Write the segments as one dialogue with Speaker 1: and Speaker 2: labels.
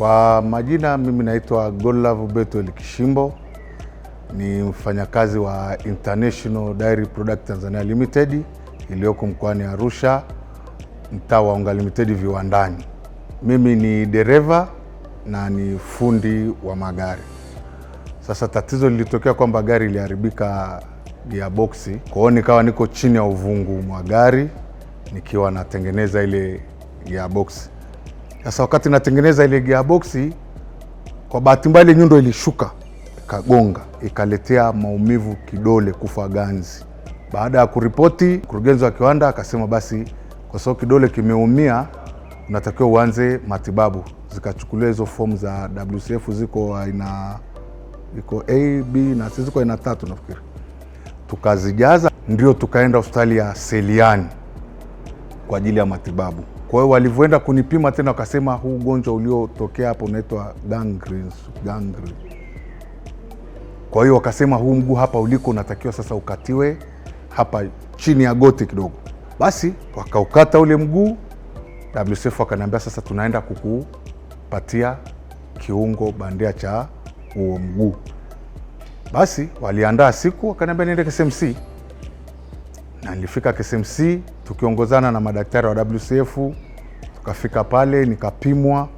Speaker 1: Kwa majina mimi naitwa Godlove Betwel Kishimbo, ni mfanyakazi wa International Dairy Product Tanzania Limited iliyoko mkoani Arusha, mtaa wa Unga Limited viwandani. Mimi ni dereva na ni fundi wa magari. Sasa tatizo lilitokea kwamba gari iliharibika gearbox, kwa hiyo nikawa niko chini ya uvungu mwa gari nikiwa natengeneza ile gearbox sasa wakati natengeneza ile gearbox, kwa bahati mbaya ile nyundo ilishuka ikagonga, ikaletea maumivu kidole, kufa ganzi. Baada ya kuripoti, mkurugenzi wa kiwanda akasema, basi kwa sababu kidole kimeumia, unatakiwa uanze matibabu. Zikachukuliwa hizo fomu za WCF, ziko aina iko A, B na C, ziko aina tatu nafikiri, tukazijaza ndio tukaenda hospitali ya Seliani kwa ajili ya matibabu. Kwa hiyo walivyoenda kunipima tena wakasema huu ugonjwa uliotokea hapo unaitwa gangrene, Kwa hiyo wakasema huu mguu hapa uliko unatakiwa sasa ukatiwe hapa chini ya goti kidogo. Basi wakaukata ule mguu. WCF wakaniambia sasa tunaenda kukupatia kiungo bandia cha huo mguu. Basi waliandaa siku, wakaniambia niende KSMC na nilifika KSMC tukiongozana na madaktari wa WCF Tukafika pale nikapimwa,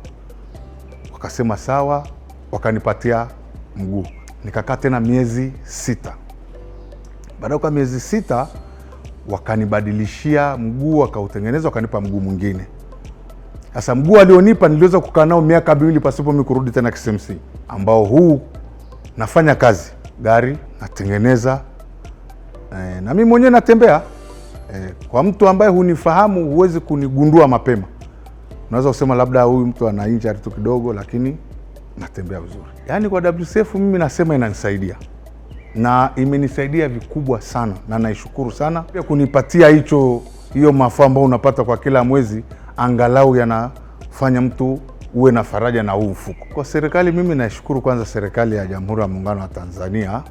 Speaker 1: wakasema sawa, wakanipatia mguu. Nikakaa tena miezi sita. Baada ya miezi sita wakanibadilishia mguu, wakautengeneza, wakanipa mguu mwingine. Sasa mguu alionipa niliweza kukaa nao miaka miwili pasipo mi kurudi tena KCMC, ambao huu nafanya kazi gari natengeneza e, na mimi mwenyewe natembea e. Kwa mtu ambaye hunifahamu, huwezi kunigundua mapema unaweza kusema labda huyu mtu ana injury tu kidogo, lakini natembea vizuri. Yaani kwa WCF mimi nasema inanisaidia na imenisaidia vikubwa sana, na naishukuru sana pia kunipatia hicho hiyo mafao ambayo unapata kwa kila mwezi, angalau yanafanya mtu uwe na faraja na huu mfuko. Kwa serikali, mimi naishukuru kwanza serikali ya Jamhuri ya Muungano wa Tanzania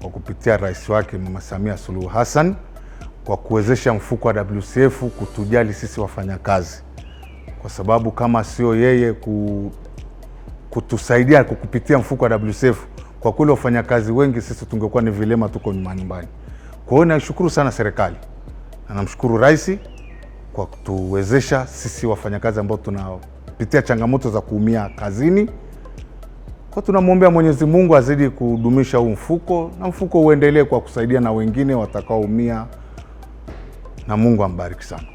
Speaker 1: kwa kupitia rais wake Mama Samia Suluhu Hassan kwa kuwezesha mfuko wa WCF kutujali sisi wafanyakazi kwa sababu kama sio yeye kutusaidia kupitia mfuko wa WCF, kwa kweli wafanyakazi wengi sisi tungekuwa ni vilema, tuko nyumbani. Kwa hiyo naishukuru sana serikali na namshukuru Rais kwa kutuwezesha sisi wafanyakazi ambao tunapitia changamoto za kuumia kazini. Kwa tunamwombea Mwenyezi Mungu azidi kudumisha huu mfuko na mfuko uendelee kwa kusaidia na wengine watakaoumia, na Mungu ambariki sana.